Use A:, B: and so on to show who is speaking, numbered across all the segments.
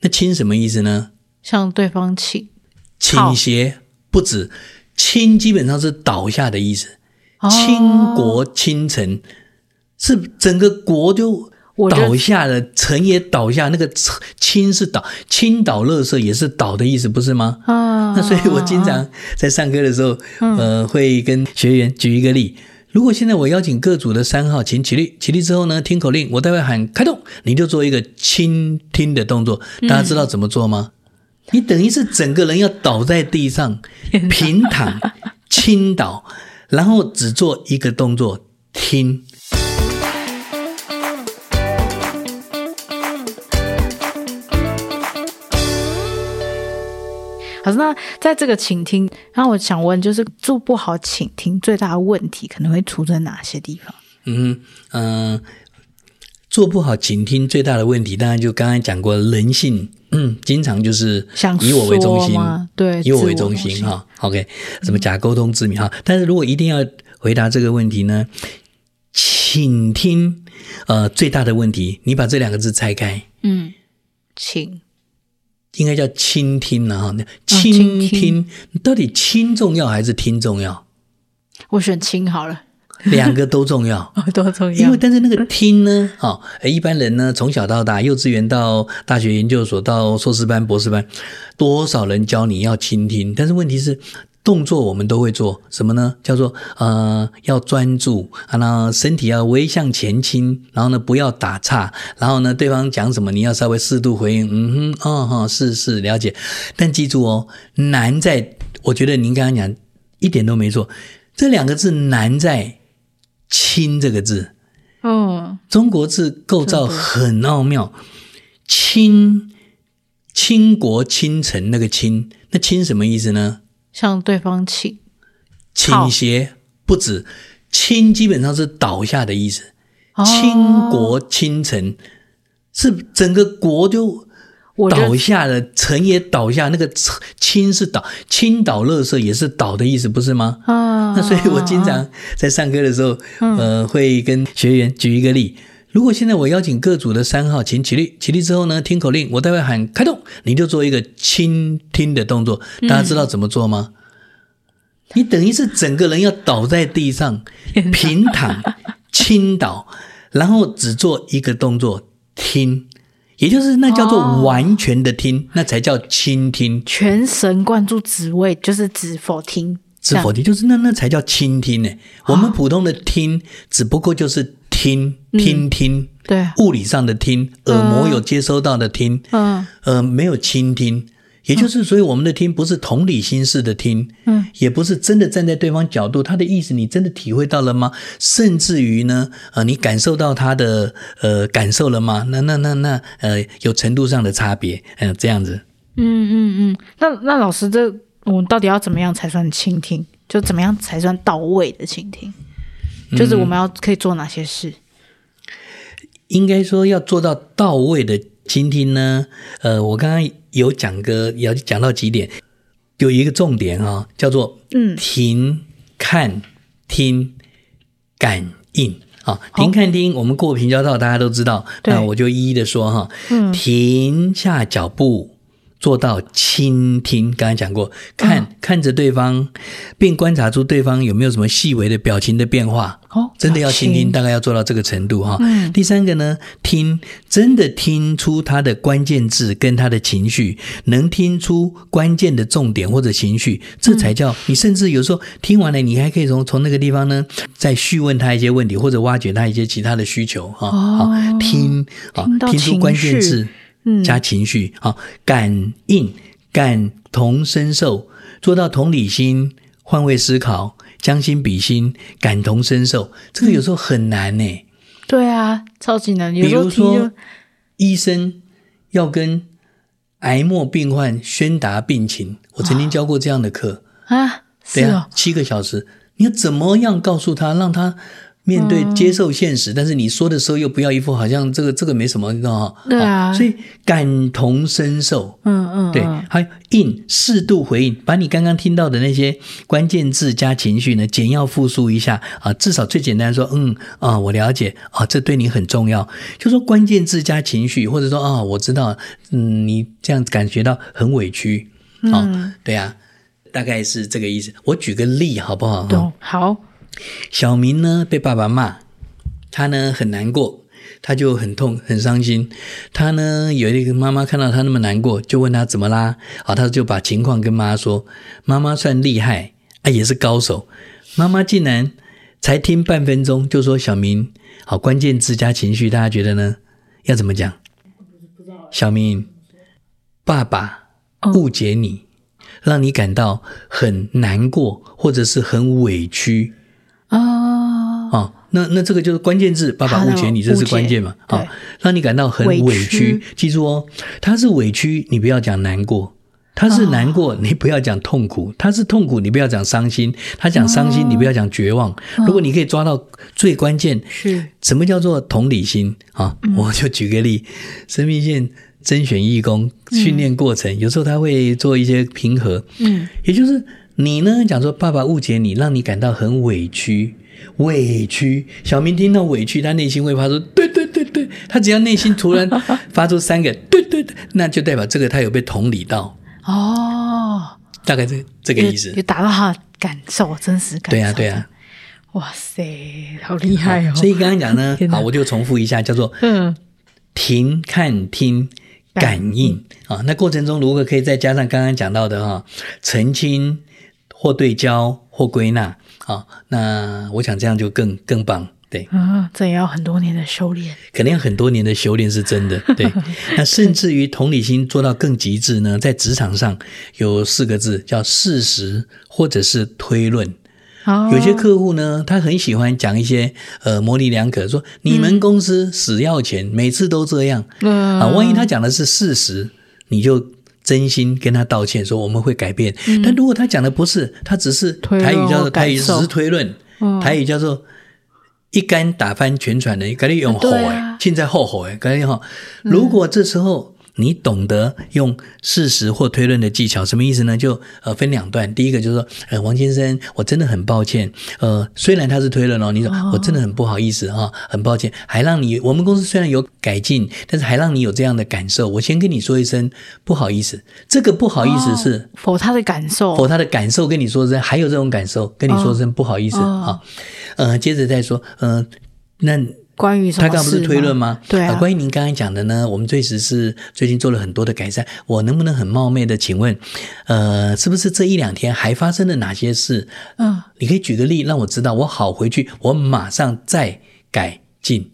A: 那傾什麼意思呢？
B: 向對方傾，
A: 傾斜不止。傾、oh. 基本上是倒下的意思。
B: 傾、oh. 國
A: 傾城是整個國都倒下了，城也倒下。那個傾是倒，傾倒垃圾也是倒的意思，不是嗎？啊、oh.。
B: 那所以我經常
A: 在上課的時候，oh. 呃，會跟學員舉一個例。如果現在我邀請各組的三號，請起立。起立之後呢，聽口令，我待會喊“開動”，你就做一個傾聽的動作。大家知道怎麼做嗎？嗯、你等於是整個人要倒在地上，平躺、傾倒，然後只做一個動作聽。
B: 可是呢，在這個傾聽，那我想問，就是做不好傾聽最大的問題可能會出在哪些地方？嗯
A: 嗯、呃，做不好傾聽最大的問題，當然就剛剛講過人性，嗯，經常就是以我為中心，想
B: 對，以我為中心
A: 哈。OK，、哦嗯、什麼假溝通致命哈、哦？但是如果一定要回答這個問題呢，傾聽，呃，最大的問題，你把這兩個字拆開，嗯，
B: 請。
A: 應該叫傾聽了傾聽、哦、傾聽到底傾重要還是聽重要？
B: 我選傾好了，
A: 兩個都重要，
B: 哦、多重要？因為
A: 但是那個聽呢，一般人呢從小到大，幼稚園到大學研究所到碩士班博士班，多少人教你要傾聽？但是問題是。動作我們都會做什麼呢？叫做呃，要專注啊，那身體要微向前傾，然後呢，不要打岔，然後呢，對方講什麼，你要稍微適度回應，嗯哼，哦哈、哦，是是，了解。但記住哦，難在我覺得您剛剛講一點都沒錯，這兩個字難在“傾”這個字。
B: 哦，
A: 中國字構造很奧妙，“傾”傾國傾城那個“傾”，傾那“傾”傾什麼意思呢？
B: 向對方傾，
A: 傾斜不止。傾基本上是倒下的意思。哦、傾國傾城是整個國都倒下了，城也倒下。那個傾是倒，傾倒垃圾也是倒的意思，不是嗎？啊、哦。
B: 那所以我經常
A: 在上課的時候、嗯，呃，會跟學員舉一個例。如果現在我邀請各組的三號，請起立。起立之後呢，聽口令，我待會喊“開動”，你就做一個傾聽的動作。大家知道怎麼做嗎？嗯、你等於是整個人要倒在地上，平躺、傾倒， 然後只做一個動作，聽，也就是那叫做完全的聽，哦、那才叫傾聽。全
B: 神貫注職位，只為就是只否聽，
A: 只否聽，就是那那才叫傾聽呢、欸哦。我們普通的聽，只不過就是。聽，聽聽，對，物理上的聽，耳膜有接收到的聽，嗯，呃，沒有傾聽，也就是，所以我們的聽不是同理心式的聽，嗯，也不是真的站在對方角度，他的意思你真的體會到了嗎？甚至於呢，呃，你感受到他的呃感受了嗎？那那那那呃，有程度上的差別，嗯、呃，這樣子，
B: 嗯嗯嗯，那那老師這，這我們到底要怎麼樣才算傾聽？就怎麼樣才算到位的傾聽？就是我們要可以做哪些事？嗯、
A: 應該說要做到到位的傾聽呢？呃，我剛剛有講個，要講到幾點，有一個重點啊、哦，叫做嗯，停、看、聽、感應啊、哦。停、看、聽，Okay. 我們過平交道大家都知道，那我就一一的說哈、哦嗯。停下腳步。做到傾聽，剛才講過看，看看着對方，並觀察出對方有沒有什麼細微的表情的變化。哦，真的要傾聽，大概要做到這個程度哈。嗯，第三個呢，聽，真的聽出他的關鍵字跟他的情緒，能聽出關鍵的重點或者情緒，這才叫，你甚至有時候聽完了，你還可以從從那個地方呢，再續問他一些問題，或者挖掘他一些其他的需求哈。好、哦，聽好，聽出關鍵字。加情緒，好，感應、感同身受，做到同理心、換位思考、將心比心、感同身受，這個有時候很難呢、欸嗯。
B: 對啊，超級難。比如說，
A: 醫生要跟癌末病患宣達病情，我曾經教過這樣的課
B: 啊，對啊、哦，
A: 七個小時，你要怎麼樣告訴他，讓他？面對接受現實、嗯，但是你說的時候又不要一副好像這個這個沒什麼，你、哦、對啊、哦，所以感同身受，嗯嗯，
B: 對，
A: 還有應適度回應，把你剛剛聽到的那些關鍵字加情緒呢，簡要複述一下啊、哦，至少最簡單說，嗯啊、哦，我了解啊、哦，這對你很重要，就說關鍵字加情緒，或者說啊、哦，我知道，嗯，你這樣子感覺到很委屈，啊、嗯哦，對啊，大概是這個意思。我舉個例好不好、哦？懂，好。小明呢被爸爸罵，他呢很難過，他就很痛很傷心。他呢有一個媽媽看到他那麼難過，就問他怎麼啦？好，他就把情況跟媽媽說。媽媽算厲害啊，也是高手。媽媽竟然才聽半分鐘就說：“小明，好，關鍵字加情緒，大家覺得呢？要怎麼講？小明爸爸誤解你，讓你感到很難過或者是很委屈。”啊、哦、那那這個就是關鍵字，爸爸誤解你，這是關鍵嘛？啊、嗯哦，讓你感到很委屈。委屈記住哦，他是委屈，你不要講難過；他是難過，哦、你不要講痛苦；他是痛苦，你不要講傷心；他講傷心、哦，你不要講絕望、哦。如果你可以抓到最關鍵
B: 是、
A: 哦、什麼叫做同理心啊、哦，我就舉個例，生命線甄選義工訓練、嗯、過程，有時候他會做一些平和，嗯、也就是。你呢？講說爸爸誤解你，讓你感到很委屈，委屈。小明聽到委屈，他內心會發出“對對對對”。他只要內心突然發出三個“ 對，對對”，那就代表這個他有被同理到
B: 哦。
A: 大概這這個意思，就
B: 達到他的感受真實感受。對啊，對啊。哇塞，好厲害哦！所以剛
A: 剛講呢， 好，我就重複一下，叫做“嗯，停看聽感應”啊、嗯。那過程中如果可以再加上剛剛講到的哈澄清。或對焦，或歸納，啊那我想這樣就更更棒，對，嗯，
B: 這也要很多年的修煉，
A: 肯定很多年的修煉是真的，對， 那甚至於同理心做到更極致呢，在職場上有四個字叫事實或者是推論，
B: 哦、有些客
A: 戶呢，他很喜歡講一些呃模稜兩可，說你們公司死要錢、嗯，每次都這樣、
B: 嗯，啊，萬一他
A: 講的是事實，你就。真心跟他道歉，說我們會改變。嗯、但如果他講的不是，他只是台語叫做台語只是推論，台語叫做，語叫做、嗯、一竿打翻全船的，趕緊用火哎，現、啊啊、在後火哎，趕緊好。如果這時候。嗯你懂得用事實或推論的技巧，什麼意思呢？就呃分兩段，第一個就是說，呃王先生，我真的很抱歉，呃雖然他是推論哦，你說、哦、我真的很不好意思啊、哦，很抱歉，還讓你我們公司雖然有改進，但是還讓你有這樣的感受，我先跟你說一聲不好意思，這個不好意思是、哦、否他的感受否他的感受跟你說聲，還有這種感受跟你說聲、哦、不好意思好、哦，呃接着再說，嗯、呃、那。
B: 關於什麼他剛剛不是推論嗎？對啊。呃、關於
A: 您剛才講的呢，我們確實是最近做了很多的改善。我能不能很冒昧的請問，呃，是不是這一兩天還發生了哪些事？嗯，你可以舉個例讓我知道，我好回去，我馬上再改進。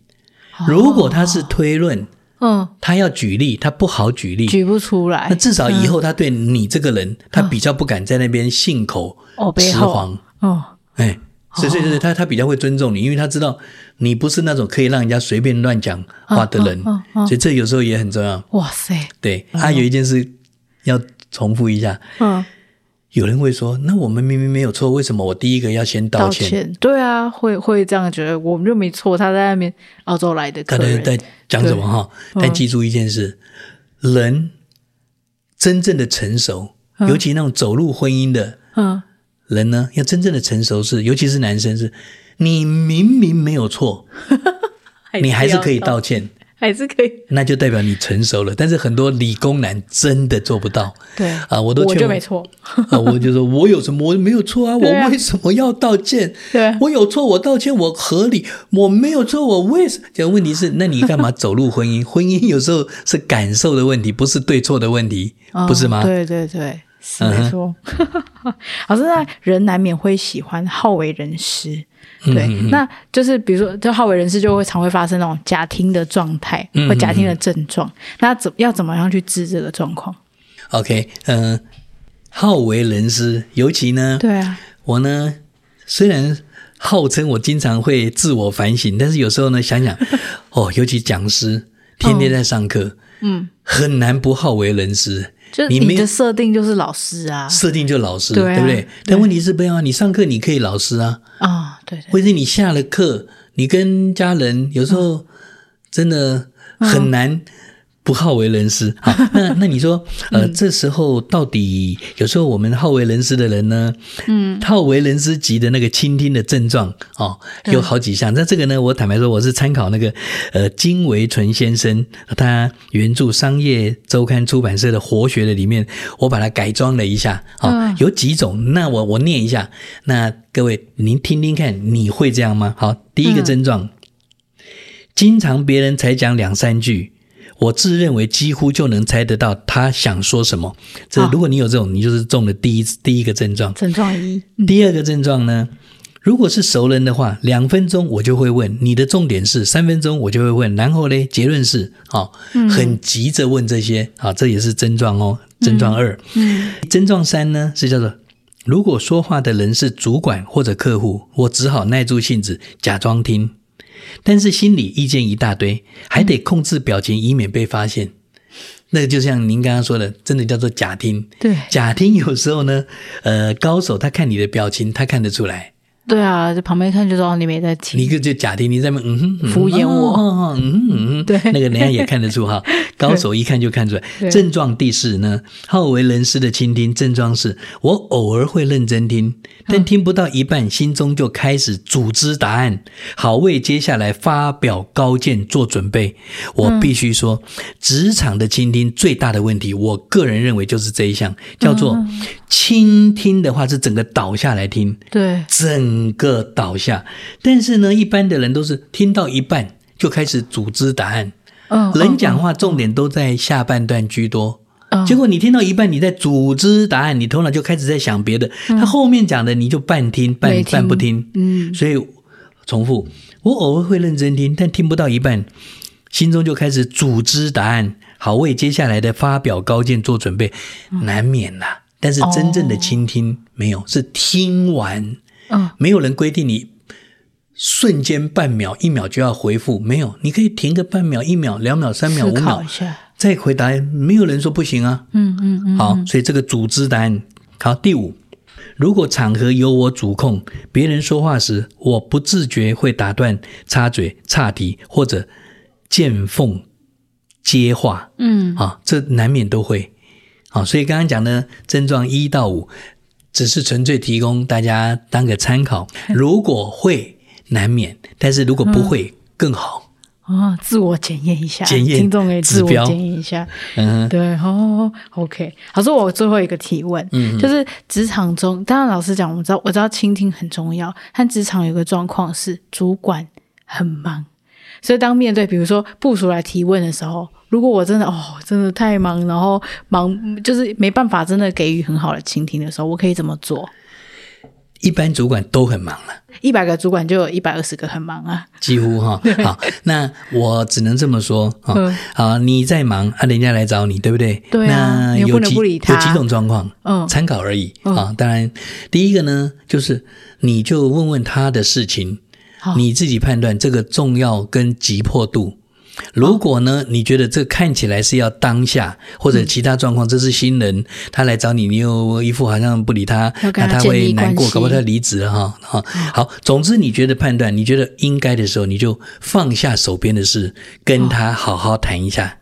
A: 哦、如果他是推論，嗯、哦，他要舉例，他不好舉例，舉不出來。那至少以後他對你這個人，嗯、他比較不敢在那邊信口
B: 雌黃、哦。哦，
A: 哎。以所以他他比較會尊重你，因為他知道你不是那種可以讓人家隨便亂講話的人，啊啊啊啊，所以這有時候也很重要。哇塞，對，還、嗯啊、有一件事要重複一下。嗯，有人會說：“那我們明明沒有錯，為什麼我第一個要先道歉？”道歉，
B: 對啊，會會這樣覺得，我們就沒錯，他在那邊澳洲來的。他在在講什麼哈？但、哦、記
A: 住一件事：人真正的成熟，嗯、尤其那種走入婚姻的，嗯。嗯人呢，要真正的成熟是，尤其是男生是，你明明沒有錯
B: 你還是可以道歉，還是可
A: 以，那就代表你成熟了。但是很多理工男真的做不到。對啊，我都覺得就沒錯 啊，我就說我有什麼，我沒有錯啊，啊我為什麼要道歉？對、啊，我有錯，我道歉，我合理，我沒有錯，我為什麼？但問題是，那你幹嘛走入婚姻？ 婚姻有時候是感受的問題，不是對錯的問題，不是嗎？哦、對對對。是
B: 沒錯，哈、uh -huh，哈， 哈，老師，那人難免會喜歡好為人師嗯
A: 嗯嗯，對，那
B: 就是比如說，就好為人師就會常會發生那種假聽的狀態嗯嗯嗯或假聽的症狀，那怎要怎麼樣去治這個狀
A: 況？OK，嗯、呃，好為人師，尤其呢，對啊，我呢雖然號稱我經常會自我反省，但是有時候呢想想， 哦，尤其講師天天在上課，
B: 嗯，
A: 很難不好為人師。就你你的設
B: 定就是老師啊，設
A: 定就老師，啊、對不對，對？但問題是，不要、啊、你上課你可以老師啊，
B: 啊、哦，對，對，
A: 對。或者你下了課，你跟家人有時候真的很難、嗯。嗯不好為人師，好，那那你說，呃、 嗯，這時候到底有時候我們好為人師的人呢？嗯，好為人師級的那個傾聽的症狀哦，有好幾項。那、嗯、這個呢，我坦白說，我是參考那個呃金惟純先生他原著《商業周刊》出版社的《活學》的裡面，我把它改裝了一下啊、哦嗯。有幾種，那我我念一下，那各位您聽聽看，你會這樣嗎？好，第一個症狀，嗯、經常別人才講兩三句。我自認為幾乎就能猜得到他想說什麼。這如果你有這種，哦、你就是中了第一第一個症狀。症狀一。第二個症狀呢？如果是熟人的話，兩分鐘我就會問，你的重點是，三分鐘我就會問，然後呢，結論是，啊、哦，很急着問這些好、哦、這也是症狀哦。症狀二。嗯。嗯，症狀三呢，是叫做，如果說話的人是主管或者客戶，我只好耐住性子，假裝聽。但是心理意見一大堆，還得控制表情，以免被發現。那個就像您剛剛說的，真的叫做假聽。對，假聽有時候呢，呃，高手他看你的表情，他看得出來。
B: 對啊，在旁邊一看就知道你沒在聽，你個
A: 就假聽，你在那邊嗯哼嗯敷衍我，哦、嗯哼嗯嗯，對，那個人家也看得出哈，高手一看就看出來。症狀第四呢，好為人師的傾聽症狀是：我偶爾會認真聽，但聽不到一半、嗯，心中就開始組織答案，好為接下來發表高見做準備。我必須說，嗯、職場的傾聽最大的問題，我個人認為就是這一項，叫做、嗯、傾聽的話是整個倒下來聽，對，整。整個倒下，但是呢，一般的人都是聽到一半就開始組織答案。
B: 哦、人講
A: 話重點都在下半段居多。哦、結果你聽到一半，你在組織答案，哦、你頭腦就開始在想別的。他、嗯、後面講的你就半聽半聽半不聽。嗯，所以重複。我偶爾會認真聽，但聽不到一半，心中就開始組織答案，好為接下來的發表高見做準備，難免吶、啊。但是真正的傾聽、哦、沒有，是聽完。哦、沒有人規定你瞬間半秒一秒就要回復，沒有，你可以停個半秒一秒兩秒三秒五秒再回答，沒有人說不行啊。嗯嗯嗯，好，所以這個組織答案。好，第五，如果場合由我主控，別人說話時，我不自覺會打斷、插嘴、岔題或者見縫接話。嗯，啊，這難免都會。好，所以剛剛講的症狀一到五。只是純粹提供大家當個參考，如果會難免，但是如果不會更好，嗯、
B: 哦。自我檢驗一下，檢驗聽眾可以自我檢驗一下，嗯，對，好、哦、OK。好，我最後一個提問，嗯，就是職場中，當然老師講，我知道，我知道傾聽很重要，但職場有個狀況是主管很忙，所以當面對比如說部屬來提問的時候。如果我真的哦，真的太忙，然後忙就是沒辦法，真的給予很好的傾聽的時候，我可以怎麼做？
A: 一般主管都很忙了，
B: 啊，一百個主管就有一百二十個很忙啊，
A: 幾乎哈。好，那我只能這麼說嗯、 哦，好，你在忙啊，人家來找你，對不對？對、啊，那有幾你不能不理他有幾種狀況，嗯，參考而已啊，嗯、哦。當然，第一個呢，就是你就問問他的事情，你自己判斷這個重要跟急迫度。如果呢、哦，你覺得這看起來是要當下或者其他狀況，嗯、這是新人他來找你，你又一副好像不理他，那他，他會難過，搞不好他離職了哈、哦哦、好，總之你覺得判斷，你覺得應該的時候，你就放下手邊的事，跟他好好談一下。哦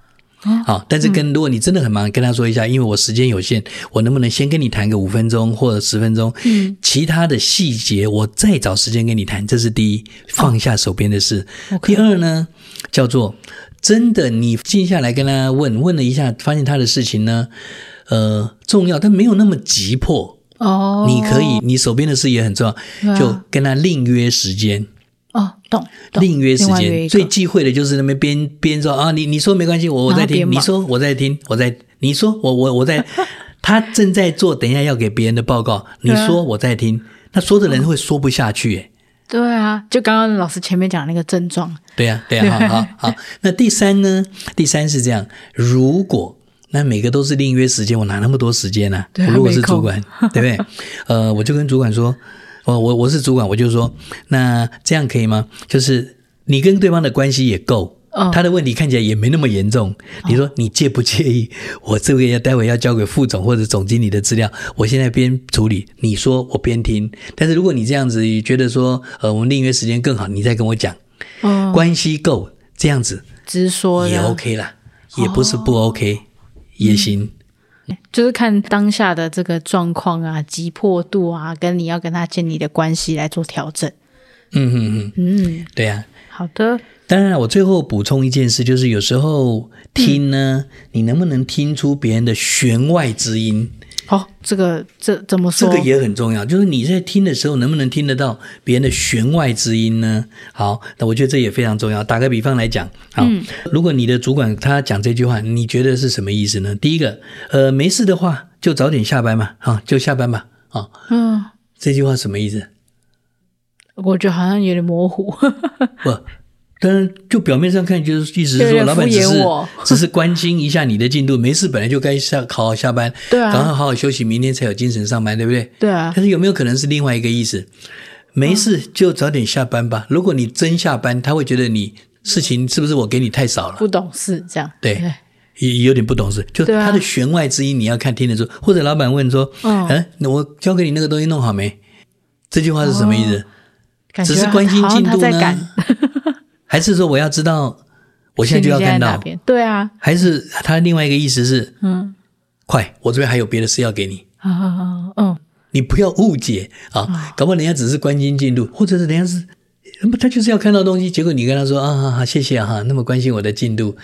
A: 好，但是跟如果你真的很忙，跟他說一下，因為我時間有限，我能不能先跟你談個五分鐘或者十分鐘？嗯，其他的細節我再找時間跟你談，這是第一，放下手邊的事。第二呢，叫做真的你靜下來跟他問問了一下，發現他的事情呢，呃，重要但沒有那麼急迫
B: 哦，你可以，
A: 你手邊的事也很重要，就跟他另約時間。哦，懂，懂。另約時間，最忌諱的就是那邊邊邊說啊，你你說沒關係，我我在聽，你說我在聽，我在你說我我我在， 他正在做，等一下要給別人的報告，你說、啊、我在聽，那說的人會說不下去、欸。
B: 對啊，就剛剛老師前面講那個症狀。對呀、
A: 啊，對呀、啊，對啊、 好，好，那第三呢？第三是這樣，如果那每個都是另約時間，我哪那麼多時間呢、啊？啊、我如果是主管， 對不對？呃，我就跟主管說。我、哦、我我是主管，我就說，那這樣可以嗎？就是你跟對方的關係也夠，哦、他的問題看起來也沒那麼嚴重。哦、你說你介不介意？我這個要待會要交給副總或者總經理的資料，我現在邊處理，你說我邊聽。但是如果你這樣子覺得說，呃，我們另一個時間更好，你再跟我講。嗯、哦，關係夠這樣子，
B: 直說也 OK
A: 啦，也不是不 OK，哦、也行。嗯。
B: 就是看當下的這個狀況啊，急迫度啊，跟你要跟他建立的關係來做調整。嗯嗯嗯，嗯，對啊，好的。
A: 當然了，我最後補充一件事，就是有時候聽呢，嗯、你能不能聽出別人的弦外之音？好、哦，這個這怎麼說？這個也很重要，就是你在聽的時候能不能聽得到別人的弦外之音呢？好，那我覺得這也非常重要。打個比方來講，好，嗯、如果你的主管他講這句話，你覺得是什麼意思呢？第一個，呃，沒事的話就早點下班嘛，好、啊，就下班吧，啊，嗯，這句話什麼意思？
B: 我覺得好像有點模糊。
A: 不。但是就表面上看，就是意思是說老闆只是只是關心一下你的進度，沒事本來就該下好好下班，對啊，然後好好休息，明天才有精神上班，對不對？對啊。但是有沒有可能是另外一個意思？沒事就早點下班吧。如果你真下班，他會覺得你事情是不是我給你太少了？
B: 不懂事這
A: 樣，對，也有點不懂事。就他的弦外之音，你要看聽得出，或者老闆問說：“嗯，那我交給你那個東西弄好沒？”這句話是什麼意思？只
B: 是關心進度呢？
A: 還是說我要知道，我現在就要看到，對啊。還是他另外一個意思是，嗯，快，我這邊還有別的事要給你啊，嗯，你不要誤解啊，搞不好人家只是關心進度，或者是人家是那麼他就是要看到東西，結果你跟他說啊，哈謝謝哈，啊，那麼關心我的進度。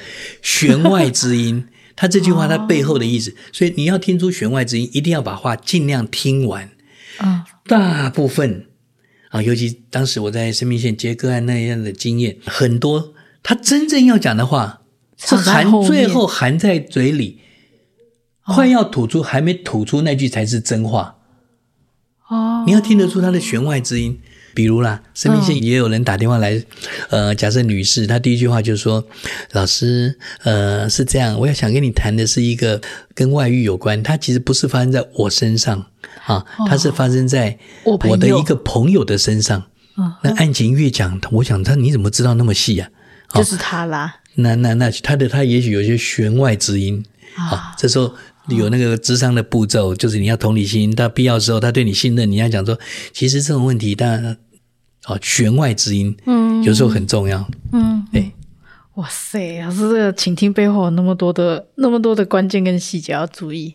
A: 弦外之音，他這句話他背後的意思，所以你要聽出弦外之音，一定要把話盡量聽完啊，大部分。啊，尤其當時我在生命線接個案那樣的經驗很多，他真正要講的話
B: 是含最後
A: 含在嘴裡，哦、快要吐出還沒吐出那句才是真話。哦，你要聽得出他的弦外之音。比如啦，生命線也有人打電話來，呃，假設女士，她第一句話就是說：“老師，呃，是這樣，我要想跟你談的是一個跟外遇有關，它其實不是發生在我身上啊，它是發生在我的一個朋友的身上。哦”那案情越講，我想他你怎麼知道那麼細啊，啊？就是他啦。那那那他的他也許有些弦外之音啊，啊。這時候有那個諮商的步驟，就是你要同理心，他必要的時候他對你信任，你要講說，其實這種問題當然啊、哦，弦外之音，嗯，有時候很重要，嗯，
B: 哎、嗯，哇塞，老師，這個傾聽背後有那麼多的那麼多的關鍵跟細節要注意。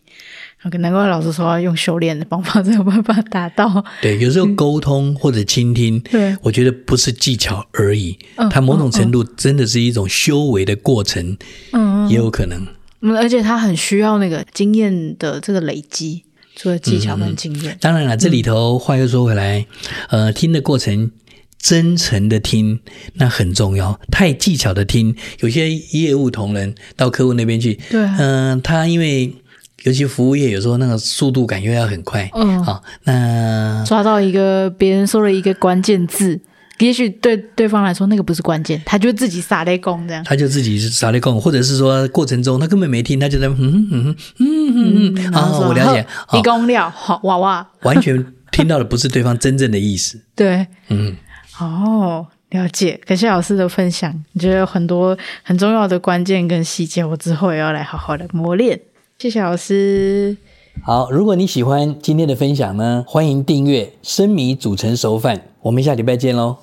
B: 好，難怪老師說要用修煉的方法才有辦法達到。
A: 對，有時候溝通或者傾聽，對、嗯，我覺得不是技巧而已，它某種程度真的是一種修為的過程，嗯，嗯也有可能。
B: 嗯，而且他很需要那個經驗的這個累積，除了技巧跟經驗、嗯。當
A: 然了，這裡頭話又說回來，嗯、呃，聽的過程。真誠的聽，那很重要。太技巧的聽，有些業務同仁到客戶那邊去，對、啊，嗯、呃，他因為尤其服務業，有時候那個速度感又要很快，嗯，好、哦，那抓
B: 到一個別人說了一個關鍵字，也許對對方來說那個不是關鍵，他就自己撒雷公這樣，
A: 他就自己撒雷公，或者是說過程中他根本沒聽，他就在嗯嗯嗯
B: 嗯嗯，嗯，嗯。嗯嗯嗯然後、哦、我了解，好哦、你公料好娃娃，哇哇
A: 完全聽到的不是對方真正的意思，
B: 對，嗯。哦，了解，感謝老師的分享。你覺得有很多很重要的關鍵跟細節，我之後也要來好好的磨練。謝謝老師。
A: 好，如果你喜歡今天的分享呢，歡迎訂閱。生米煮成熟飯，我們下禮拜見嘍。